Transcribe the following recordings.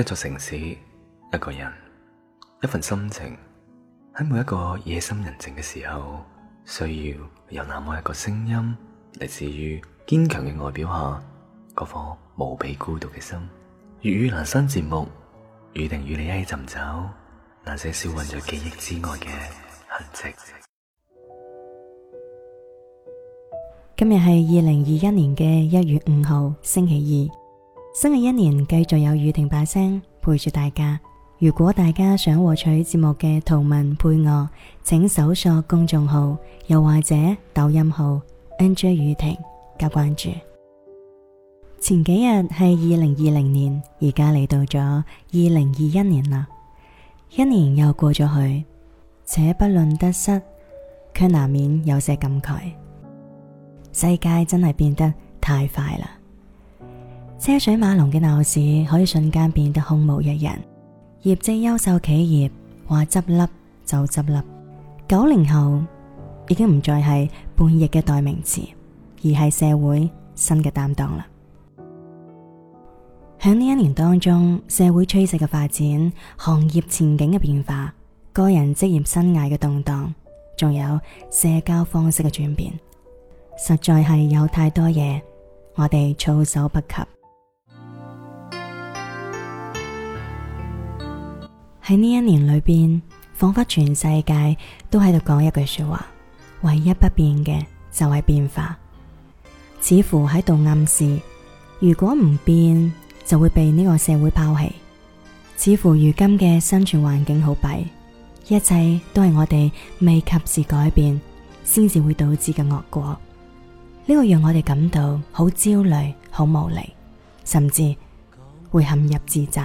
一座城市，一個人，一份心情，喺每一個夜深人靜嘅時候，需要有那麼一個聲音，嚟自於堅強嘅外表下，嗰顆無比孤獨嘅心。粵語南山節目，預定與你一起尋找那些消隱在記憶之外嘅痕跡。今日係二零二一年嘅一月五號，星期二。新嘅一年繼續有宇婷把聲陪住大家。如果大家想獲取節目嘅圖文配樂，請搜索公眾號，又或者抖音號 NJ 宇婷加關注。前幾日係二零二零年，而家嚟到咗二零二一年啦，一年又過咗去，且不論得失，卻難免有些感慨。世界真係變得太快啦。車水馬龍嘅鬧市可以瞬間變得空無一人，業績優秀企業話執笠就執笠，九零後已經唔再係叛逆嘅代名詞，而係社會新嘅擔當啦。喺呢一年當中，社會趨勢嘅發展、行業前景嘅變化、個人職業生涯嘅動蕩，仲有社交方式嘅轉變，實在係有太多嘢我哋措手不及。喺呢一年裏邊，仿佛全世界都喺度講一句說話，唯一不變嘅就係變化，似乎喺度暗示，如果唔變，就會被呢個社會拋棄。似乎如今嘅生存環境好弊，一切都係我哋未及時改變，先至會導致嘅惡果。呢個讓我哋感到好焦慮、好無力，甚至會陷入自責。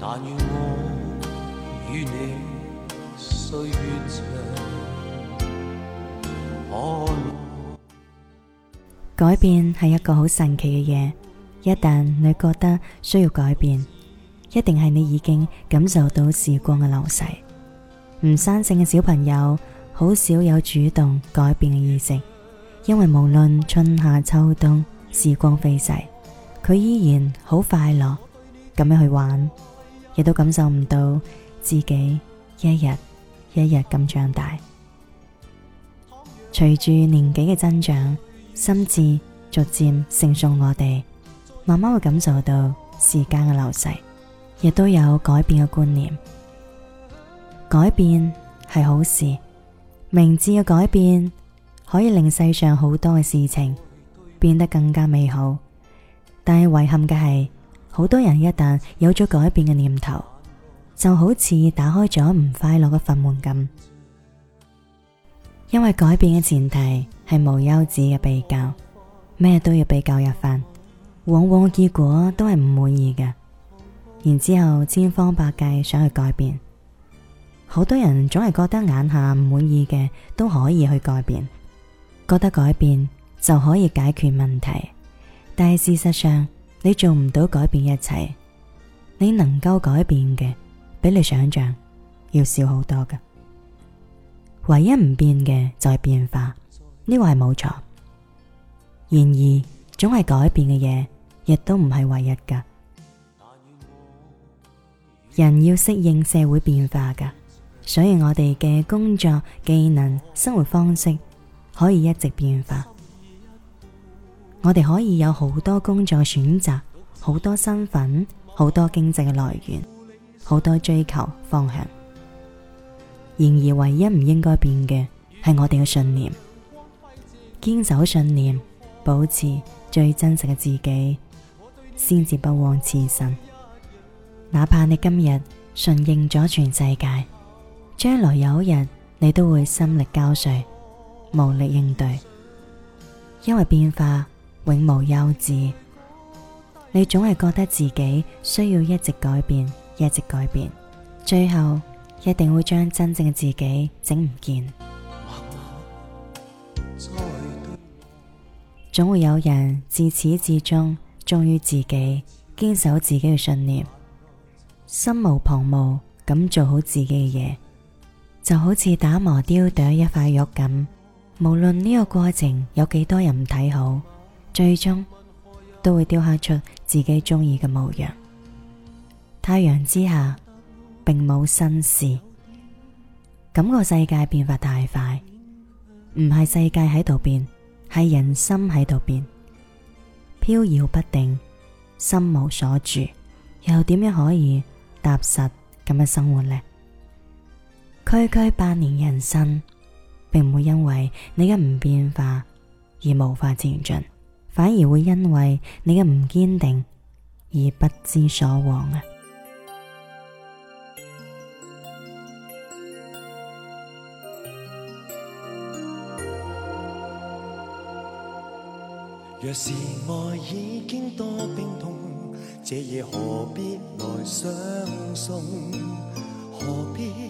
但願我與你歲月長。改變係一個好神奇嘅嘢。一旦你覺得需要改變，一定係你已經感受到時光嘅流逝。唔生性嘅小朋友好少有主動改變嘅意識，因為無論春夏秋冬，時光飛逝，佢依然好快樂咁樣去玩。亦都感受唔到自己一日一日咁長大，隨住年紀嘅增長，心智逐漸成熟，我哋慢慢會感受到時間嘅流逝，亦都有改變嘅觀念。改變係好事，明智嘅改變可以令世上好多嘅事情變得更加美好，但係遺憾嘅係。好多人一旦有咗改變嘅念頭，就好似打開咗唔快樂嘅閥門咁。因為改變嘅前提係無休止嘅比較，咩都要比較一番，往往結果都係唔滿意嘅。然之後千方百計想去改變，好多人總係覺得眼下唔滿意嘅都可以去改變，覺得改變就可以解決問題，但係事實上。你做唔到改變一切，你能夠改變嘅，比你想象要少好多噶。唯一唔變嘅就係變化，呢個係冇錯。然而，總係改變嘅嘢，亦都唔係唯一噶。人要適應社會變化噶，所以我哋嘅工作、技能、生活方式可以一直變化。我哋可以有好多工作選擇，好多身份，好多經濟嘅來源，好多追求方向。然而，唯一唔應該變嘅係我哋嘅信念，堅守信念，保持最真實嘅自己，先至不枉此生。哪怕你今日順應咗全世界，將來有一日你都會心力交瘁，無力應對，因為變化。永無休止，你總係覺得自己需要一直改變，一直改變，最後一定會將真正嘅自己整唔見。總會有人自始至終忠於自己，堅守自己嘅信念，心無旁騖咁做好自己嘅嘢，就好似打磨雕琢一塊玉咁，無論呢個過程有幾多人唔睇好。最終都會雕刻出自己中意嘅模樣。太陽之下並冇新事，咁個世界變化太快，唔係世界喺度變，係人心喺度變，飄搖不定，心無所住，又點樣可以踏實咁嘅生活呢？區區百年人生，並唔會因為你嘅唔變化而無法前進。反而會因為你嘅唔堅定而不知所往啊！若是愛已經多冰凍，這夜何必來相送？何必？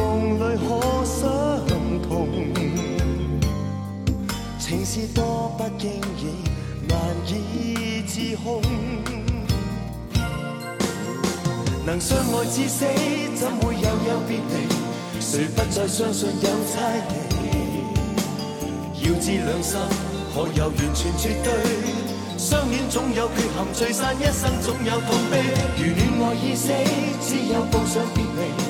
夢裏可相同，情是多不經意，難以自控。 能相愛至死，怎會又有別離？誰不再相信有猜忌？要知兩心可有完全絕對？相戀總有缺陷，聚散一生總有痛悲。如戀愛已死，只有步上別離。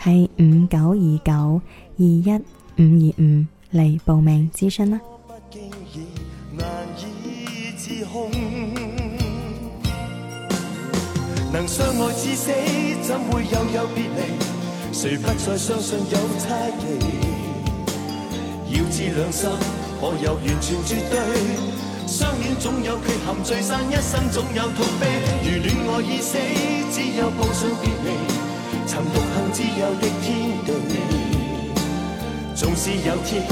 係五九二九二一五二五嚟報名諮詢啦。不經意，難以自控。能相愛至死，怎會有有別離？誰不再相信有猜疑？要知兩心，如抱上曾獨行自由的天地，縱使有天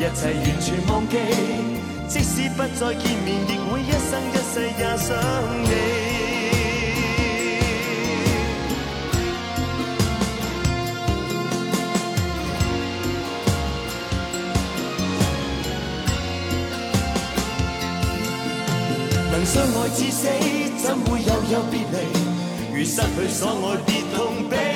一切完全忘記，即使不再見面，亦會一生一世也想你。能相愛至死，怎會有有別離？如失去所愛，別痛悲。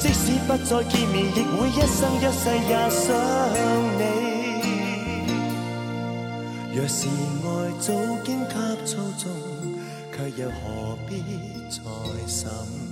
即使不再見面，亦會一生一世也想你。若是愛早經給操縱，卻又何必再心？